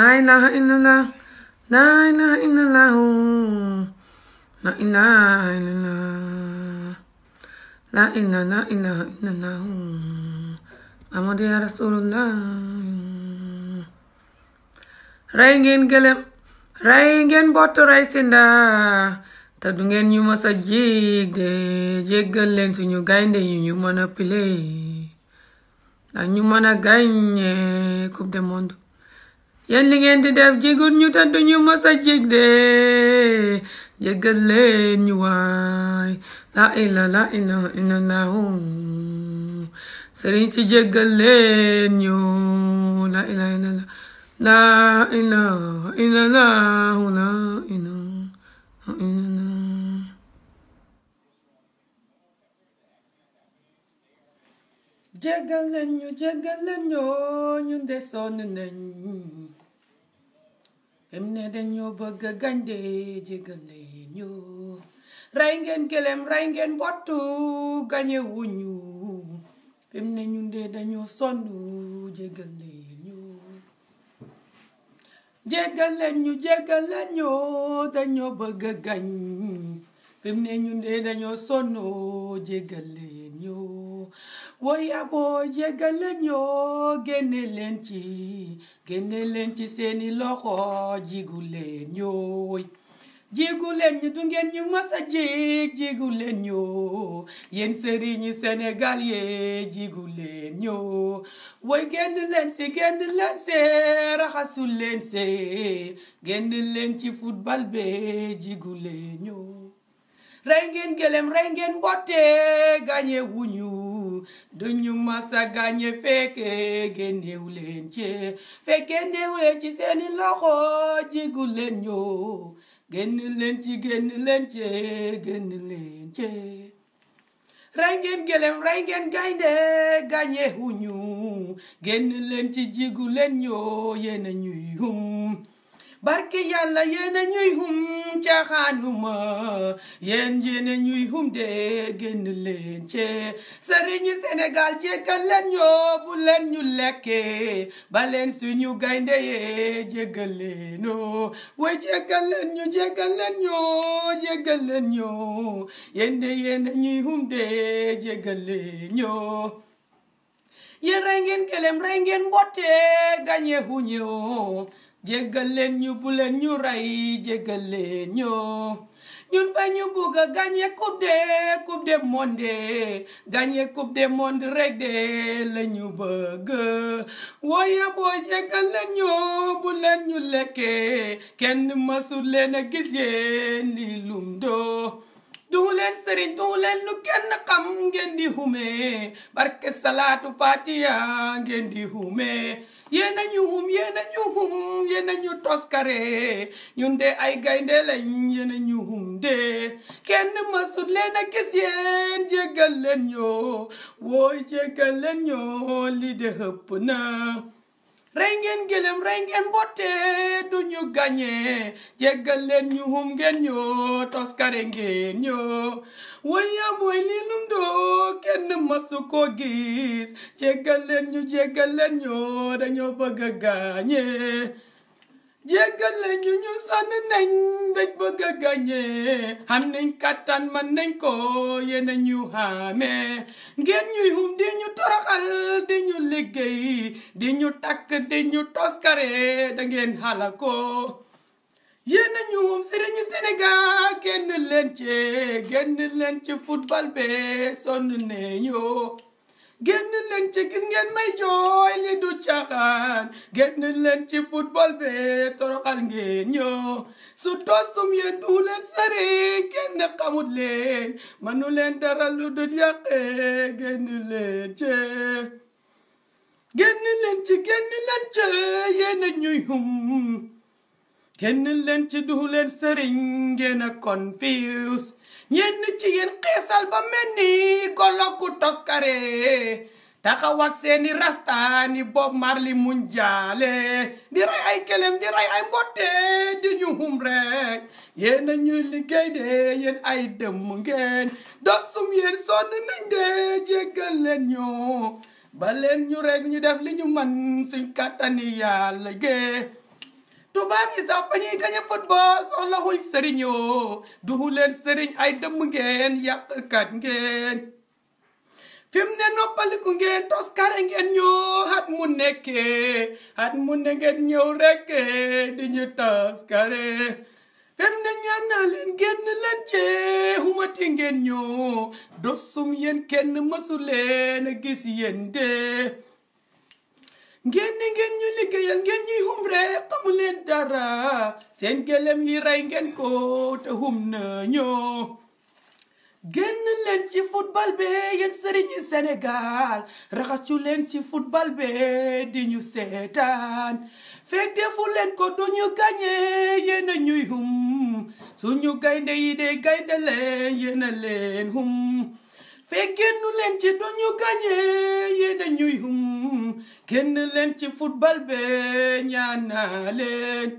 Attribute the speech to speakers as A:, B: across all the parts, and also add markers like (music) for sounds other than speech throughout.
A: La ilaha illallah. La ilaha illallah. La ilaha illallah. La ilaha illallah. Amadu ya Rasulullah. rey ngeen gëlëm rey ngeen bott rey sinda te du ngeen ñu mës a jiig de jéggal leen suñu gaynde yi ñu mën a pile dañ ñu mën a gañe coupe du monde yéen li ngeen di def ñu te duñu mës a jég de jéggal leen ñu waay la ila la ila ila la sëriñ si jéggal leen ñu la ila ila la la ila ila la la ila ila jéggal leen ñu jéggal leen ñu ñun de sonn nañ fem ne dañoo bëgg a gañde jégal leen ñu rey ngeen gëlem rey ngeen bottu gañe wuñu ne ñun de dañoo sonn jégal leen ñu jégal leen ñu jégal leen ñu dañoo bëgg a gañ fem ne ñun de dañoo sonn jégal leen woya boo jéggale ñoo génne leen ci génne leen ci seeni loxo jigu leen ñooy jigu leen ñu du ngeen ñu mas a jig jigu leen ñoo yéen sëriñu Sénégal yee jigu leen ñoo woy génn leen si génn leen see raxasul leen see génn leen ci football be jigu leen ñoo rey ngeen gëlem rey ngeen mbotte gañe wuñu ñu masa gàññe fekke génneew leen ci fekk génneew leen ci seeni loxo jigu leen ñoo génn leen ci génn leen ci génn leen ci rey ngeen gëlëm rey ngeen gaynde gàññeewuñu génn leen ci jigu leen ñoo yéena ñuy barke yàlla yéena ñuy hum caaxaanuma yéen yéena ñuy hum de génn leen cee sëriñi Sénégal jéggal leen ñoo bu leen ñu lekkee ba leen suñu gaynde yee jéggal leenoo way jéggal leen ñu jéggal leen ñoo jéggal leen ñoo yéen de ñuy hum de jéggal leen ñoo yéen rey ngeen kelem rey ngeen mbotte gañe huñoo jéggal leen ñu bu leen ñu rey jéggal leen ñu ñun ba ñu bugg a gagner coupe de coupe de monde gagner coupe de monde rek de la ñu bëgg waaye boo jéggal leen ñu bu ñu lekkee kenn mësul leen a gis yéen li lum doo duhu leen sëriñ duhu leen lu kenn xam ngeen di hume barke salaatu fatiha ngeen di hume yéen a ñu hum yéen a ñu hum yéen a ñu toskare ay gaynde lañ yéen a ñu hum de kenn masut leen gis yéen jéggal leen ñoo wooy jéggal leen ñoo li de hëpp na rey ngeen gëlëm rey ngeen mbote du ñu gañe jéggal leen ñu hum ngeen ñoo toskare ngeen ñoo waya boy li kenn masu ko gis jéggal leen ñu jéggal leen ñoo dañoo bëgg a gañe jéggal lañu ñu sonn nañ dañ bëgg a gañe xam nañ kattan man nañ ko yéen ñu xaamee ngeen ñuy hum di ñu toroxal di ñu liggéey di ñu takk di ñu toskare da ngeen xala ko yéen a ñu hum sëriñu Sénégal génn leen ci génn leen ci football be sonn ne ñoo génn leen ci gis ngeen may jooy li du caaxaan génn leen ci football be toroxal ngeen ñoo su toosum yéen du leen sari kenn xamut leen mënu leen dara lu du yàqe génn leen ci génn leen ci génn leen ci yéen ñuy hum kenn leen ci du leen sëriñ ngeen a confuse ñenn ci yéen xiisal ba mel ni golo gu toskare taxaw ak seeni rastaani Bob Marley mu jaale di rey ay kelem di rey ay mbotte di ñu hum rek yéen a ñuy liggéey de yéen ay dëmm ngeen dosum yéen sonn nañ de jéggal leen ñu ba leen ñu rek ñu def li ñu man suñ kàttani yàlla gee tubaab yi sax ba ñuy gañe football soxlawul sëriñ yoo duhu leen sëriñ ay dëmm ngeen yàqkat ngeen fi mu ne noppaliku ngeen toskare ngeen ñoo xat mu nekkee xat mu ne ngeen ñëw rek di ñu toskare fem na ñaan naa leen génn leen cee xumati ngeen ñoo dosum yéen kenn mësu leen a gis yéen dee ngeen ni ngeen ñu liggéeyal ngeen ñuy hum rek xamu leen dara seen gëlëm yi rey ngeen ko te hum nañoo génn leen ci football bi yéen sëriñi Sénégal raxasu leen ci football bi di ñu seetaan fekk defu leen ko du ñu gagné yéen ñuy hum suñu gaynde yi de gaynde leen yéen leen hum fee génnu leen ci duñu gañe yéena ñuy hum génn leen ci football be ñaan naa leen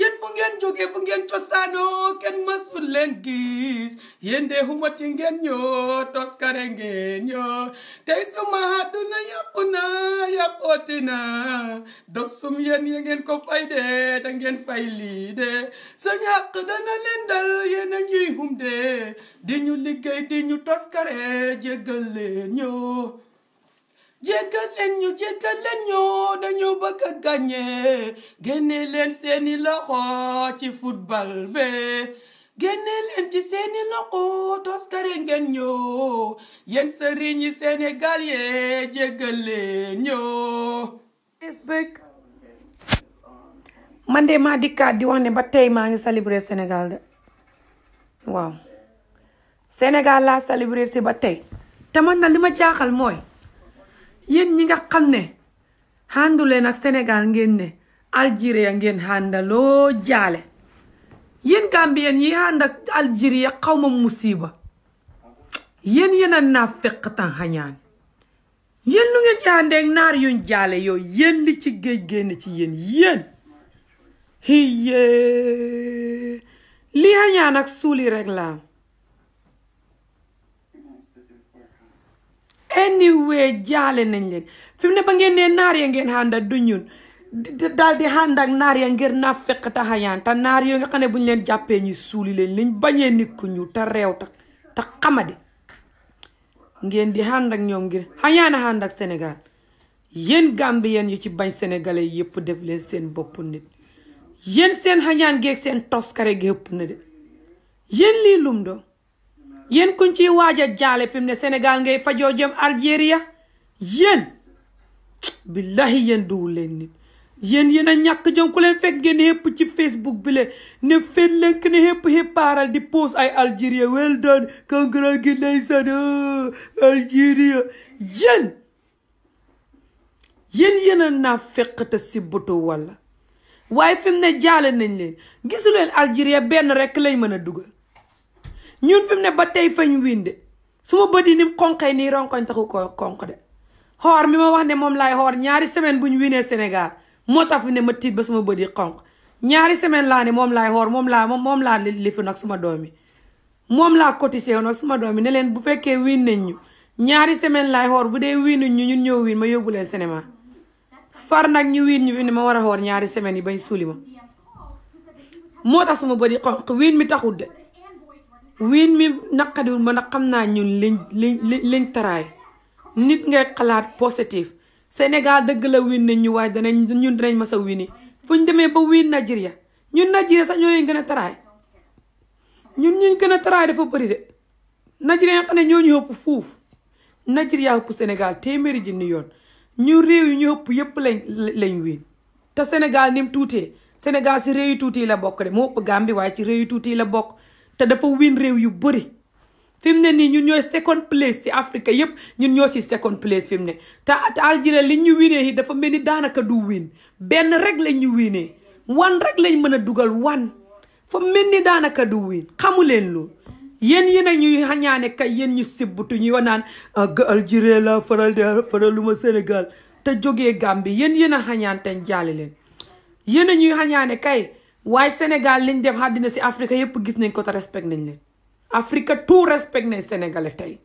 A: yéen fu ngeen jóge fu ngeen cosaanoo kenn mësul leen gis yéen de humati ngeen ñoo toskare ngeen ñoo tey suma àdduna yàqu na yàqooti na dosum yéen ya ngeen ko fay de da ngeen fay lii de sa ñàkk dana leen dal di ñu liggéey di ñu toskare jéggal leen ñoo jéggal leen ñu jéggal leen bëgg a gagné seeni loxo ci football be génne ci seeni loxo toskare ngeen ñoo yéen sëriñ yi Sénégal yee jéggal leen man de maa dikkaat di wax ne ba tey maa ngi célébrer Sénégal de waaw Sénégal laa célébrer ba tey te man na li ma jaaxal mooy yéen ñi nga xam ne xànduleen ak Sénégal ngeen ne Algérie ngeen xàndaloo jaale yéen Gambien yi xànd ak Algérie xaw ma musiba yéen yéen a naa fekk tan xañaan yéen lu ngeen ci àndeeg naar yuñ jaale yooyu yéen li ci géej génn ci yéen yéen hiye lii xañaan ak suuli rek la anyway jaale nañ leen fi ne ba ngeen ne naar ya ngeen ànd ak du ñun daal di ànd ak naar ya ngir naa fekk te xayaan te naar yooyu nga xam ne bu ñu leen jàppee ñu suuli leen liñ bañee nit ku ñuul te réew te te xamadi ngeen di ànd ak senegal ngir xayaan ànd ak ci bañ sénégalais yëpp def leen seen bopp nit yéen seen xañaan geeg seen toskare gi ëpp na de yéen lii lum doon yéen kuñ ci waaja a jaale fi mu ne Sénégal ngay fajoo jëm Algéria yéen billahi yéen duwul leen nit yéen yéen ñàkk jom ku leen fekk ngeen xëpp ci Facebook bi le ne fet leen ne xëpp xëppaaral di post ay Algérie well done congrats gi ndeysaan Algérie yéen yéen yéen a naa fekk te si butu walla waaye fi mu ne jaale nañ leen gisuleen Algérie benn rekk lañ mën a dugal ñun fi mu ne ba tey fañ winde su ma bët yi ni mu xonqee nii ronkoñ taxu ko xonq de xoor mi ma wax ne moom laay xoor ñaari semaine bu ñu winee Sénégal moo tax fi ne ma tiit ba suma bët yi xonq ñaari semaine laa ne moom laay xoor moom laa moom laa lifi nag suma doom yi moom laa cotisé nag suma doom yi ne leen bu fekkee wiin nañ ñu ñaari semaine laay xoor bu dee wiinuñ ñu ñun ñëw wiin ma yóbbu leen cinéma far nag ñu wiin ñu fi ne ma war a xoor ñaari semaine yi bañ suuli ma moo tax suma bët yi xonq wiin mi taxul de wiin mi naqadiwul ma nag xam naa ñun liñ liñ liñ nit ngay xalaat positif Sénégal dëgg la wiin nañ ñu waaye danañ ñun danañ mas a wiini fu ñu demee ba wiin Nigeria ñun Nigeria sax ñoo leen gën a taraay ñun ñuñ gën a taraay dafa bëri de Nigeria nga xam ne ñoo ñu ëpp fuuf Nigeria ëpp Sénégal téeméeri junni yoon ñu réew yi ñu ëpp yëpp lañ wiin te Sénégal ni mu tuutee Sénégal si réew yu tuuti la bokk de moo ëpp Gambie waaye ci réew yu tuuti la bokk te dafa wiin réew yu bëri fim mu ne nii ñu ñooy second place ci Afrique yëpp ñun ñoo ci second place fi mu ne te te Algérie li ñu winee yi dafa mel ni daanaka du win benn rek lañ ñu winee wan rek lañ mën a dugal wan fa mel ni daanaka du win xamu leen loolu yéen yéen a ñuy xañaane kay yéen ñu sibbutu ñu wanaan ak ah, Algérie la faral faraluma Sénégal te jógee Gambie yéen yéen a xañaan te jaali leen yéen a ñuy xañaane kay waaye Sénégal liñ dem àddina si Afrique yépp gis nañ ko te respect nañ leen Afrique tout respect nañ Sénégalais tey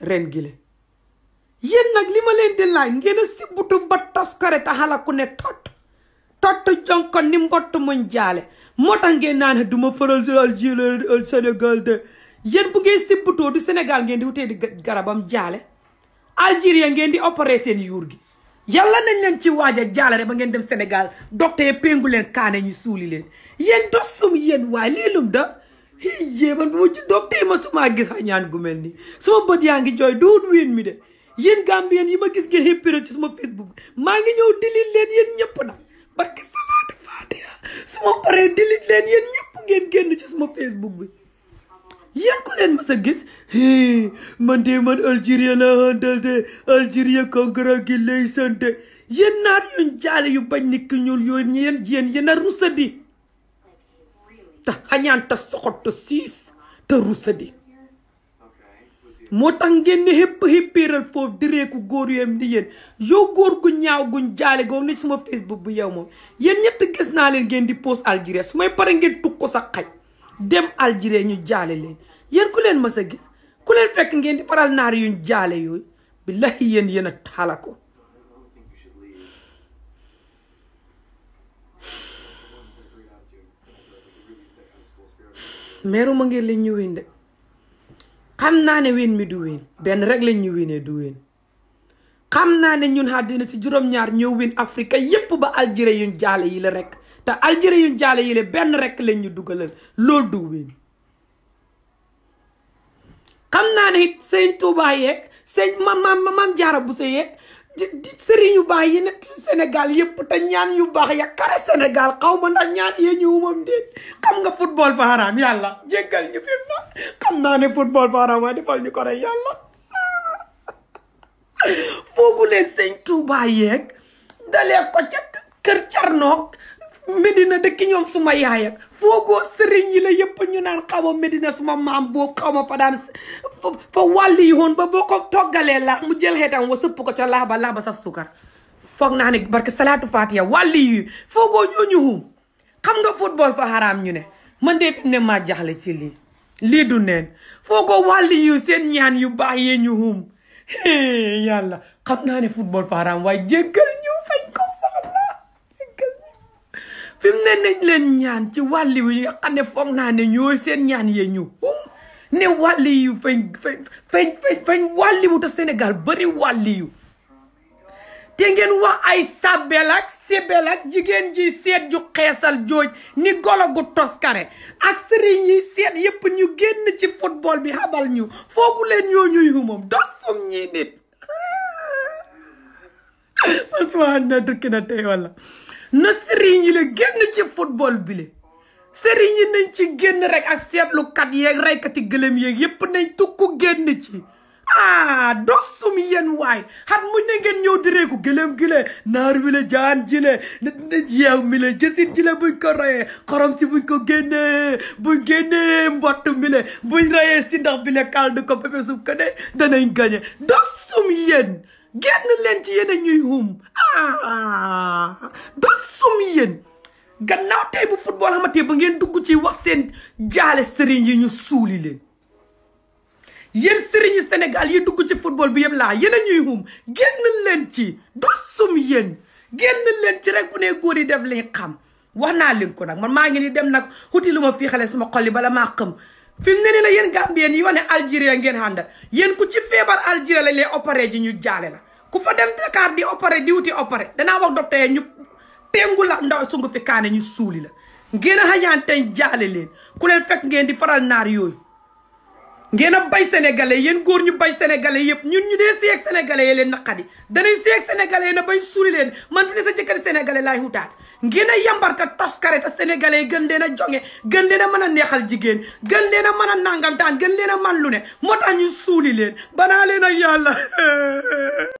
A: ren gile yéen nag li ma leen di laaj ngeen a sibbutu ba toskare te xalaku ne tot tot jonko ni mbott muñ jaale moo tax ngeen ne duma faral Algérie Sénégal de yéen bu ngeen sibbutoo du Sénégal ngeen di wutee di jaale Algérie ngeen di opéré seen yuur gi yàlla nañ leen ci waaja a ba ngeen dem Sénégal docteur yi péngu leen kaane ñu suuli leen yéen dosum yéen waaye lii lum da yée man bu ma ci docteur yi ma sumaa gis a ñaan gu mel nii sama bët yaa ngi jooy duut wiin mi de yéen gambien yi ma gis ngeen xéppiré ci sama facebook maa ngi ñëw dilit leen yéen ñëpp nag barke salaatu faatiha su ma paree dilit leen yéen ñëpp ngeen génn ci sama facebook bi yéen ku leen mës a gis hii man de man algérien la àndal de algérien kongara gi lay sante yéen naar yuñ jaale yu bañ nit ki ñuul yooyu yéen yéen yéen a rusadi te xañaan te soxot siis te rusadi moo tax ngeen ne xëpp xëppiiral foofu direeku góor yooyu ni yéen yow góor gu ñaaw guñ jaale googu ne suma facebook bu yow moom yéen ñett gis naa leen ngeen di post algérien su may pare ngeen tukk ko sa xaj dem Algérie ñu jaale leen yéen ku leen mës a gis ku leen fekk ngeen di paral naar yuñ jaale yooyu billahi yéen yéen a taala ko meeru ma ngeen leen ñu win de xam naa ne win mi du win benn rek lañ ñu winee du win xam naa ne ñun àddina ci juróom-ñaar ñëw win Afrique yépp ba Algérie yuñ jaale yi la rek te algérien jaale yile benn rekk lañ ñu dugalal loolu du wéen xam naa ne sëñ Touba yeeg sëñ mam mam mam jaara bu sa yeeg di sëriñu baax yi ne Sénégal yëpp te ñaan yu baax ya kare Sénégal xaw ma ndax ñaan yee ñu umam déet xam nga football fa haram yàlla jéggal ñu fi ma xam naa ne football fa haram waaye defal ñu ko rek yàlla (laughs) foogu leen sëñ Touba yeeg dalee ko ca kër Carnoog Medina dëkk ñoom suma yaay ak foogoo sëriñ yi la yëpp ñu naan xaw ma Medina suma maam boobu xaw ma fa daan fa yi woon ba boo ko toggalee la mu jël xeetam wa sëpp ko ca laaba laaba saf foog naa ne barke salaatu fatiha wàlli yi foogoo ñooñu xam nga football fa xaraam ñu ne man de ne ma jaxle ci lii lii du neen foogoo wàlli yu seen ñaan yu baax yee ñu hum yàlla xam naa ne football fa xaraam waaye jéggal fi ne nañ leen ñaan ci wàlli yi xam ne foog naa ne ñooy seen ñaan yee ñu hum ne wàlli yu fañ fañ fañ fañ wàlliwu te Sénégal bari wàlli yu te ngeen wax ay sàbbel ak sibel ak jigéen ji seet ju xeesal jooj ni golo gu toskare ak sëriñ yi seet yépp ñu génn ci football bi xabal ñu foogu leen ñoo ñuy humam dos fum ñii nit (laughs) man suma na dukki na tey walla na sëriñ yi la génn ci football bi le sëriñ yi nañ ci génn rek ak seetlukat yeeg reykati gëlëm yeeg yépp nañ tukku génn ci ah dosum yéen waay xat mu ne ngeen ñëw diree ko gëlëm gi le naar wi la jaan ji le yeew mi le jësit ji buñ ko rayee xorom si buñ ko génne buñ génnee mbott mi le buñ rayee si ndax bi le kal du ko pépé suuf ko de danañ gañe dosum yéen génn leen ci yéen a ñuy hum ah dosum yéen gannaaw tey bu football xamatee ba ngeen dugg ci wax seen jaale sëriñ yi ñu suuli leen yéen sëriñu Sénégal yi dugg ci football bi yëpp laa yéen a ñuy hum génn leen ci dosum yéen génn leen ci rek ku ne góor yi def lañ xam wax naa leen ko nag man maa ngi ni dem nag xuti lu ma fii xale sama xol yi bala maa xam fi mu ne nii la yéen Gambien yi wane Algérie ngeen àndal yéen ku ci feebar Algérie lañ lay opéré ji ñu jaale la ku fa dem Dakar di opéré di wuti opéré danaa wax docteur ñu pengu la ndaw sungu fi kaane ñu suuli la ngeen a xañaanteñ jaale leen ku leen fekk ngeen di faral naar yooyu ngeen a bay sénégalais yéen góor ñu bay sénégalais yëpp ñun ñu dee seeg sénégalais yi leen na naqadi danay seeg sénégalais na bañ suuli leen man fi ne sa jëkkër sénégalais laay hutaat ngeen a yambar te toskare te sénégalais gën leen a jonge gën leen a mën a neexal jigéen gën leen a mën a nangamtaan gën leen a man lu ne moo tax ñu suuli leen banaa leen ak yàlla (laughs)